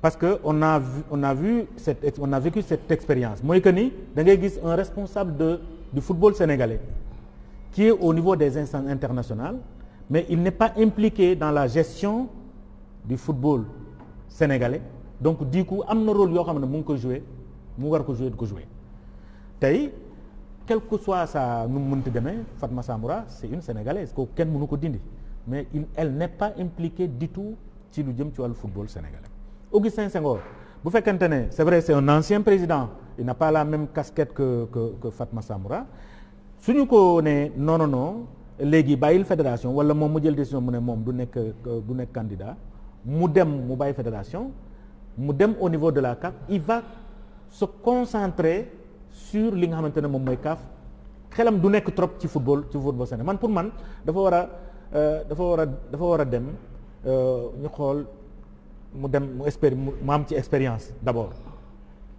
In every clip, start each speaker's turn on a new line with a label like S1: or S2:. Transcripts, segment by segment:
S1: parce que on a vu, on a vu cette on a vécu cette expérience mooy que ni dangay gis un responsable de du football sénégalais qui est au niveau des instances internationales mais il n'est pas impliqué dans la gestion du football sénégalais donc du coup am na rôle yoo xam ne mu ngi ko joué mu war ko joué du ko joué tey quel que soit sa nu mu mënti demee Fatma Samoura c'est une sénégalaise kooku kenn mënu ko dindi mais il el n'est pas impliquée du tout ci lu jëm ci wàllu football sénégalais. Augustin Senghor bu fekkente ne c'est vrai c'est un ancien président il n'a pas la même casquette que que que Fatma Samoura suñu ko ne non non léegi bàyyil fédération wala moom mu jël décision mu ne moom du nekk du nekk mu dem mu bàyyi fédération mu dem au niveau de la CAF il va se concentrer sur li nga xamante ne moom mooy CAF xelam du nekk trop ci football ci football Sénégal man pour man dafa war a euh, dafa war a dafa war a dem euh, ñu xool mu dem mu expéri mu am ci expérience d'abord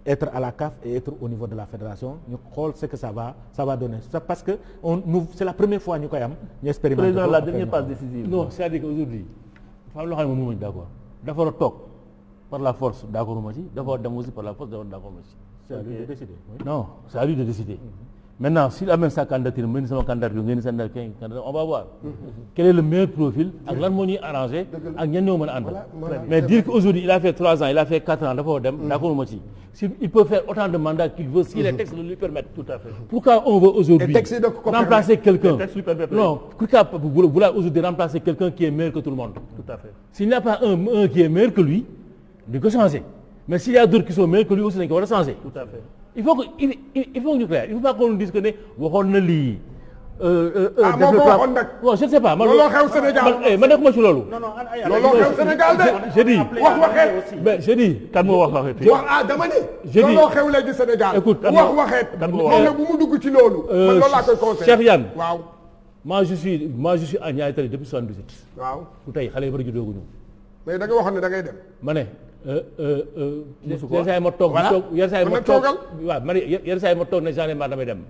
S1: être à la CAF et être au niveau de la fédération ñu xool ce que ça va ça va donner ça parce que on nous c'est la première fois ñu koy am. ñu expérimenté président la dernière passe décisive. non c'est-à-dire que de décider.
S2: non c'est à lui de décider. Mm-hmm. Maintenant, s'il amène sa candidature, on va voir. Quel est le meilleur profil, avec l'harmonie arrangée, avec Mais dire qu'aujourd'hui, il a fait 3 ans, il a fait 4 ans, d'abord, hmm. d'accord, il peut faire autant de mandats qu'il veut si les hmm. textes le lui permettent. Tout à fait. Pourquoi on veut aujourd'hui remplacer quelqu'un Non, pourquoi vous voulez aujourd'hui remplacer quelqu'un qui est meilleur que tout le monde Tout à fait. S'il n'y a pas un, un, qui est meilleur que lui, il peut changer. Mais s'il y a d'autres qui sont meilleurs que lui aussi, il faut changer. Tout à fait. il faut que il il faut que ñu clair il ne waxoon na lii. Euh, euh, euh, ah moom moo waxoon nag non je ne sais pas man looloo xew Sénégal man eh, loolu. non non eh, xew Sénégal de. je dis wax waxeet. mais je dis kan moo wax waxeet. wax ah dama ne. je dis looloo bu mu dugg ci loolu. man loolu laa koy conseillé Cheikh tey xale yi bari juddooguñu.
S3: mais da nga waxoon ne da ngay dem.
S2: ma ne. Euh, euh, euh, musu ko sa saa yi ma toog. voilà yenn saa yi ma toog waaw man yenn saa ma damay dem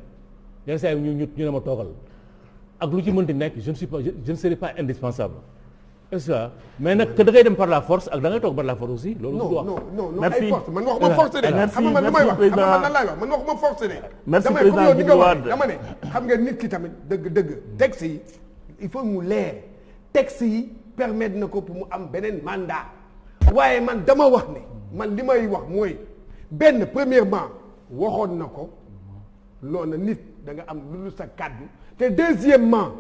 S2: yenn saa yi ñu ñu ñu ne ma toogal ak lu ci mënti nekk je ne suis pas je ne serai pas indispensable. mais nag que da dem par la force ak da toog par la force aussi. loolu du wax man waxuma force de. xam nga man li may wax xam nga man lan laay
S3: wax waxuma force de. merci président bi ñu dama ne xam nga nit ki tamit dëgg dëgg texte yi il faut mu leer texte yi permettre na ko pour mu am beneen mandat. waaye man dama wax ne man li may wax mooy benn premièrement waxoon na ko loolu na nit da nga am lu sa kàddu te deuxièmement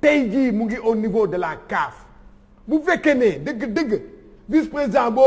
S3: tey
S1: jii mu ngi au niveau de la CAF bu fekkee ne dëgg-dëgg vice président boo